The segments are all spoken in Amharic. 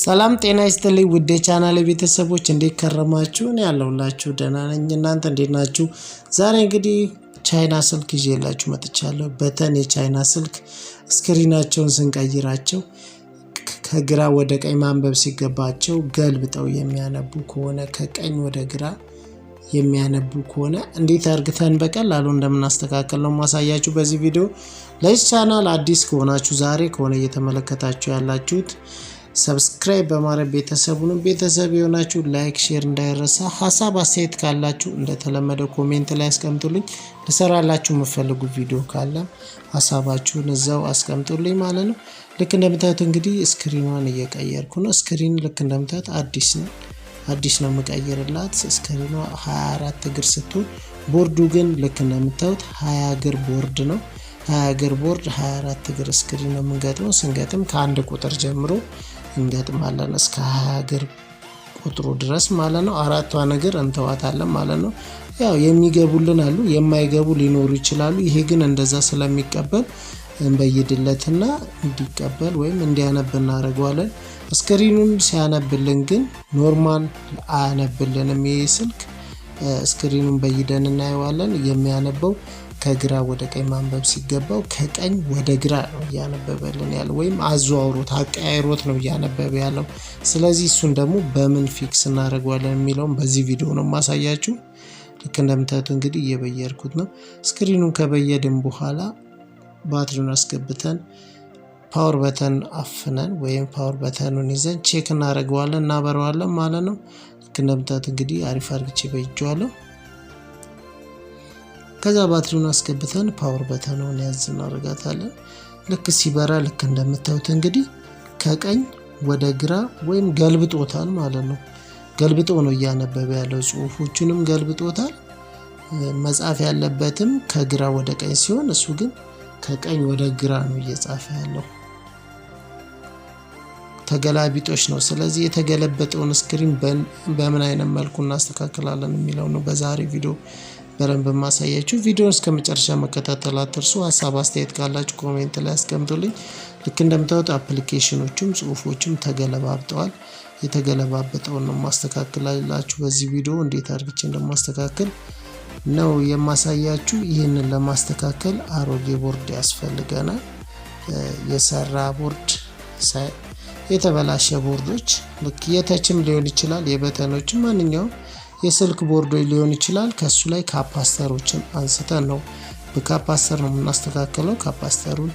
ሰላም ጤና ይስጥልኝ ውዴ ቻናል ቤተሰቦች እንዴት ከረማችሁ? እኔ ያለሁላችሁ ደህና ነኝ። እናንተ እንዴት ናችሁ? ዛሬ እንግዲህ ቻይና ስልክ ይዤላችሁ መጥቻለሁ። በተን የቻይና ስልክ ስክሪናቸውን ስንቀይራቸው ከግራ ወደ ቀኝ ማንበብ ሲገባቸው ገልብጠው የሚያነቡ ከሆነ ከቀኝ ወደ ግራ የሚያነቡ ከሆነ እንዴት አርግተን በቀላሉ እንደምናስተካከል ነው ማሳያችሁ በዚህ ቪዲዮ። ለዚህ ቻናል አዲስ ከሆናችሁ ዛሬ ከሆነ እየተመለከታችሁ ያላችሁት ሰብስክራይብ በማድረግ ቤተሰቡንም ቤተሰብ የሆናችሁ ላይክ፣ ሼር እንዳይረሳ። ሀሳብ አስተያየት ካላችሁ እንደተለመደ ኮሜንት ላይ አስቀምጡልኝ። ልሰራላችሁ የምፈልጉ ቪዲዮ ካለ ሀሳባችሁን እዛው አስቀምጡልኝ ማለት ነው። ልክ እንደምታዩት እንግዲህ ስክሪኗን እየቀየርኩ ነው። ስክሪን ልክ እንደምታዩት አዲስ ነው አዲስ ነው የምቀይርላት። ስክሪኗ 24 እግር ስትሆን ቦርዱ ግን ልክ እንደምታዩት 20 እግር ቦርድ ነው። 20 እግር ቦርድ 24 እግር ስክሪን ነው የምንገጥመው። ስንገጥም ከአንድ ቁጥር ጀምሮ እንገጥማለን እስከ 20 እግር ቁጥሩ ድረስ ማለት ነው። አራቷ ነገር እንተዋታለን ማለት ነው። ያው የሚገቡልን አሉ፣ የማይገቡ ሊኖሩ ይችላሉ። ይሄ ግን እንደዛ ስለሚቀበል እንበይድለትና እንዲቀበል ወይም እንዲያነብ እናደርገዋለን። ስክሪኑን ሲያነብልን ግን ኖርማል አያነብልንም። ይህ ስልክ ስክሪኑን በይደን እናየዋለን የሚያነበው ከግራ ወደ ቀኝ ማንበብ ሲገባው ከቀኝ ወደ ግራ ነው እያነበበልን ያለው፣ ወይም አዘዋውሮት አቀያይሮት ነው እያነበበ ያለው። ስለዚህ እሱን ደግሞ በምን ፊክስ እናደርገዋለን የሚለውን በዚህ ቪዲዮ ነው ማሳያችሁ ልክ እንደምታዩት እንግዲህ እየበየርኩት ነው። ስክሪኑን ከበየድን በኋላ ባትሪውን አስገብተን ፓወር በተን አፍነን ወይም ፓወር በተኑን ይዘን ቼክ እናደርገዋለን፣ እናበረዋለን ማለት ነው። ልክ እንደምታዩት እንግዲህ አሪፍ አርግቼ በይጀዋለሁ። ከዛ ባትሪውን አስገብተን ፓወር በተነውን ያዝ እናደርጋታለን። ልክ ሲበራ ልክ እንደምታዩት እንግዲህ ከቀኝ ወደ ግራ ወይም ገልብጦታል ማለት ነው። ገልብጦ ነው እያነበበ ያለው ጽሁፎቹንም ገልብጦታል። መጻፍ ያለበትም ከግራ ወደ ቀኝ ሲሆን እሱ ግን ከቀኝ ወደ ግራ ነው እየጻፈ ያለው። ተገላቢጦች ነው። ስለዚህ የተገለበጠውን ስክሪን በምን አይነት መልኩ እናስተካክላለን የሚለው ነው በዛሬ ቪዲዮ በደንብ በማሳያችሁ ቪዲዮን እስከ መጨረሻ መከታተል አትርሱ። ሀሳብ አስተያየት ካላችሁ ኮሜንት ላይ አስቀምጡልኝ። ልክ እንደምታዩት አፕሊኬሽኖቹም ጽሁፎቹም ተገለባብጠዋል። የተገለባበጠውን ነው ማስተካከላላችሁ። በዚህ ቪዲዮ እንዴት አድርግች እንደማስተካከል ነው የማሳያችሁ። ይህንን ለማስተካከል አሮጌ ቦርድ ያስፈልገናል። የሰራ ቦርድ የተበላሸ ቦርዶች ልክ የተችም ሊሆን ይችላል የበተኖች ማንኛውም የስልክ ቦርዶ ሊሆን ይችላል። ከሱ ላይ ካፓስተሮችን አንስተን ነው በካፓስተር ነው የምናስተካከለው። ካፓስተሩን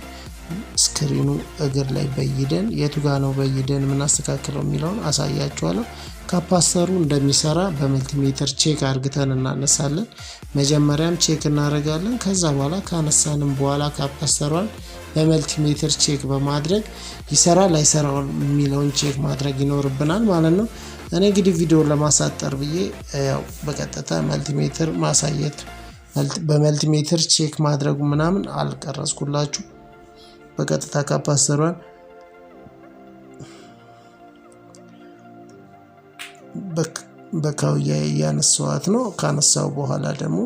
ስክሪኑ እግር ላይ በይደን የቱ ጋ ነው በይደን የምናስተካክለው የሚለውን አሳያችኋለሁ። ካፓስተሩ እንደሚሰራ በመልቲሜትር ቼክ አርግተን እናነሳለን። መጀመሪያም ቼክ እናደርጋለን። ከዛ በኋላ ካነሳንም በኋላ ካፓስተሯን በመልቲሜትር ቼክ በማድረግ ይሰራ ላይሰራውን የሚለውን ቼክ ማድረግ ይኖርብናል ማለት ነው። እኔ እንግዲህ ቪዲዮን ለማሳጠር ብዬ ያው በቀጥታ መልቲሜትር ማሳየት በመልቲሜትር ቼክ ማድረጉ ምናምን አልቀረጽኩላችሁ። በቀጥታ ካፓስተሯን በካውያ እያነሳዋት ነው። ካነሳው በኋላ ደግሞ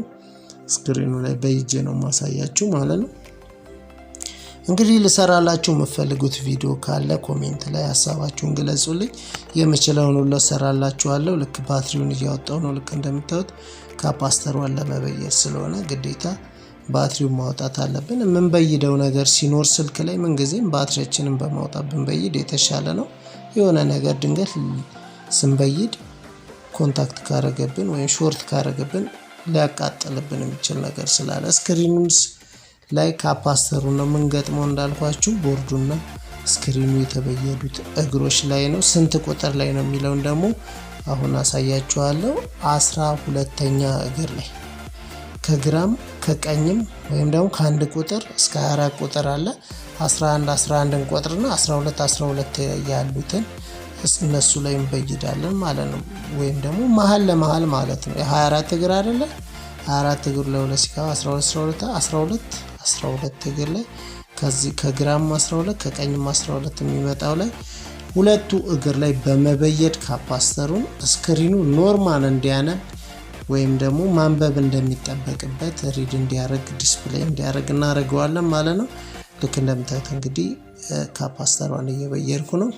ስክሪኑ ላይ በይጄ ነው ማሳያችሁ ማለት ነው። እንግዲህ ልሰራላችሁ የምትፈልጉት ቪዲዮ ካለ ኮሜንት ላይ ሀሳባችሁን ግለጹልኝ። የምችለውን ሁሉ ሰራላችኋለሁ። ልክ ባትሪውን እያወጣው ነው። ልክ እንደምታዩት ካፓስተሯን ለመበየድ ስለሆነ ግዴታ ባትሪውን ማውጣት አለብን። የምንበይደው ነገር ሲኖር ስልክ ላይ ምንጊዜም ባትሪያችንን በማውጣት ብንበይድ የተሻለ ነው። የሆነ ነገር ድንገት ስንበይድ ኮንታክት ካረገብን ወይም ሾርት ካረገብን ሊያቃጥልብን የሚችል ነገር ስላለ ስክሪንስ ላይ ካፓስተሩ ነው የምንገጥመው እንዳልኳችሁ ቦርዱና ስክሪኑ የተበየዱት እግሮች ላይ ነው። ስንት ቁጥር ላይ ነው የሚለውን ደግሞ አሁን አሳያችኋለሁ። አስራ ሁለተኛ እግር ላይ ከግራም ከቀኝም ወይም ደግሞ ከአንድ ቁጥር እስከ 24 ቁጥር አለ። 11 11ን 12 12 ያሉትን እነሱ ላይ እንበይዳለን ማለት ነው። ወይም ደግሞ መሀል ለመሀል ማለት ነው። የ24 እግር አይደለ 24 እግር ለሁለት ሲካ 12 12 12 12 እግር ላይ ከዚህ ከግራም 12 ከቀኝም 12 የሚመጣው ላይ ሁለቱ እግር ላይ በመበየድ ካፓስተሩን ስክሪኑ ኖርማል እንዲያነብ ወይም ደግሞ ማንበብ እንደሚጠበቅበት ሪድ እንዲያደርግ ዲስፕሌይ እንዲያደርግ እናደርገዋለን ማለት ነው። ልክ እንደምታዩት እንግዲህ ካፓስተሯን እየበየድኩ ነው።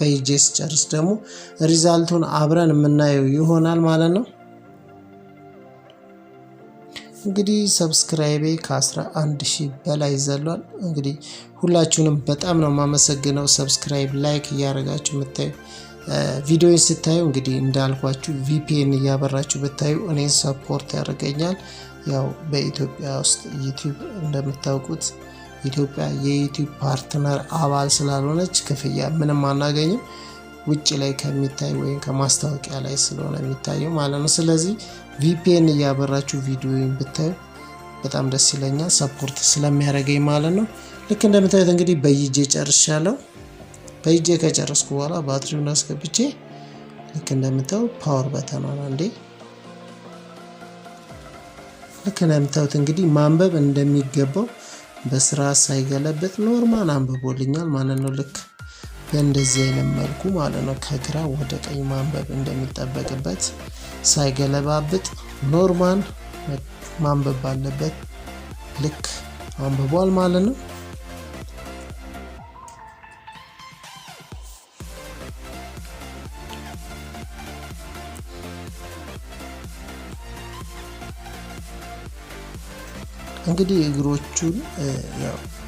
በይጄ ጨርስ ደግሞ ሪዛልቱን አብረን የምናየው ይሆናል ማለት ነው። እንግዲህ ሰብስክራይቤ ከ11 ሺህ በላይ ዘሏል። እንግዲህ ሁላችሁንም በጣም ነው የማመሰግነው። ሰብስክራይብ፣ ላይክ እያደረጋችሁ የምታዩ ቪዲዮን ስታዩ እንግዲህ እንዳልኳችሁ ቪፒኤን እያበራችሁ ብታዩ እኔን ሰፖርት ያደርገኛል። ያው በኢትዮጵያ ውስጥ ዩቲዩብ እንደምታውቁት ኢትዮጵያ የዩቲዩብ ፓርትነር አባል ስላልሆነች ክፍያ ምንም አናገኝም። ውጭ ላይ ከሚታይ ወይም ከማስታወቂያ ላይ ስለሆነ የሚታየው ማለት ነው። ስለዚህ ቪፒኤን እያበራችሁ ቪዲዮ ብታዩ በጣም ደስ ይለኛል፣ ሰፖርት ስለሚያደርገኝ ማለት ነው። ልክ እንደምታዩት እንግዲህ በይጄ ጨርሻለሁ። በይጄ ከጨረስኩ በኋላ ባትሪውን አስገብቼ ልክ እንደምታዩ ፓወር በተን አንዴ ልክ እንደምታዩት እንግዲህ ማንበብ እንደሚገባው በስራ ሳይገለበት ኖርማል አንብቦልኛል ማለት ነው ልክ በእንደዚህ አይነት መልኩ ማለት ነው ከግራ ወደ ቀኝ ማንበብ እንደሚጠበቅበት ሳይገለባብጥ ኖርማል ማንበብ ባለበት ልክ አንብቧል ማለት ነው። እንግዲህ እግሮቹን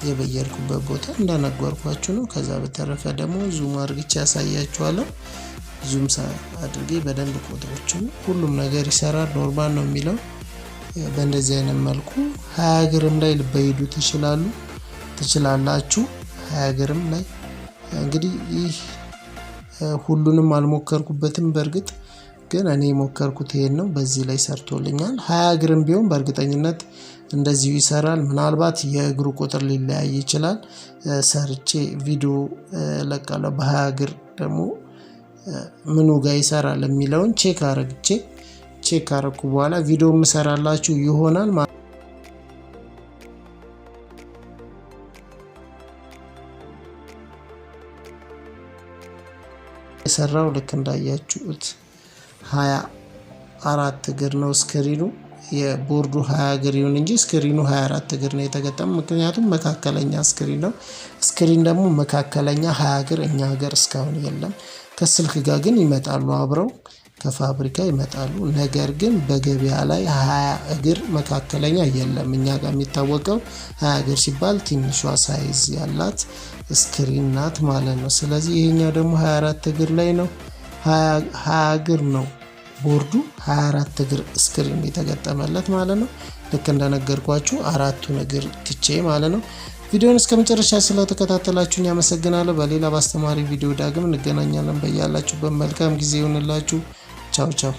የበየርኩበት ቦታ እንዳነጓርኳችሁ ነው። ከዛ በተረፈ ደግሞ ዙም አድርግቼ ያሳያችኋለሁ። ዙም አድርጌ በደንብ ቁጥሮችን ሁሉም ነገር ይሰራል። ኖርማል ነው የሚለው በእንደዚህ አይነት መልኩ ሀያ ሀገርም ላይ ልበሄዱ ትችላሉ ትችላላችሁ። ሀያ እግርም ላይ እንግዲህ ይህ ሁሉንም አልሞከርኩበትም በእርግጥ ግን እኔ የሞከርኩት ይሄን ነው። በዚህ ላይ ሰርቶልኛል። ሀያ እግርም ቢሆን በእርግጠኝነት እንደዚሁ ይሰራል። ምናልባት የእግሩ ቁጥር ሊለያይ ይችላል። ሰርቼ ቪዲዮ ለቃለሁ። በሀያ እግር ደግሞ ምኑ ጋር ይሰራል የሚለውን ቼክ አረግቼ ቼክ አረግኩ በኋላ ቪዲዮ የምሰራላችሁ ይሆናል። የሰራው ልክ እንዳያችሁት ሀያ አራት እግር ነው ስክሪኑ። የቦርዱ ሀያ እግር ይሁን እንጂ ስክሪኑ ሀያ አራት እግር ነው የተገጠመ። ምክንያቱም መካከለኛ ስክሪን ነው። ስክሪን ደግሞ መካከለኛ ሀያ እግር እኛ ሀገር እስካሁን የለም። ከስልክ ጋር ግን ይመጣሉ አብረው ከፋብሪካ ይመጣሉ። ነገር ግን በገበያ ላይ ሀያ እግር መካከለኛ የለም። እኛ ጋር የሚታወቀው ሀያ እግር ሲባል ትንሿ ሳይዝ ያላት ስክሪን ናት ማለት ነው። ስለዚህ ይሄኛው ደግሞ 24 እግር ላይ ነው። ሀያ እግር ነው ቦርዱ 24 እግር ስክሪን የተገጠመለት ማለት ነው። ልክ እንደነገርኳችሁ አራቱን እግር ትቼ ማለት ነው። ቪዲዮን እስከ መጨረሻ ስለተከታተላችሁን ያመሰግናለሁ። በሌላ በአስተማሪ ቪዲዮ ዳግም እንገናኛለን። በያላችሁበት መልካም ጊዜ ይሆንላችሁ። ቻው ቻው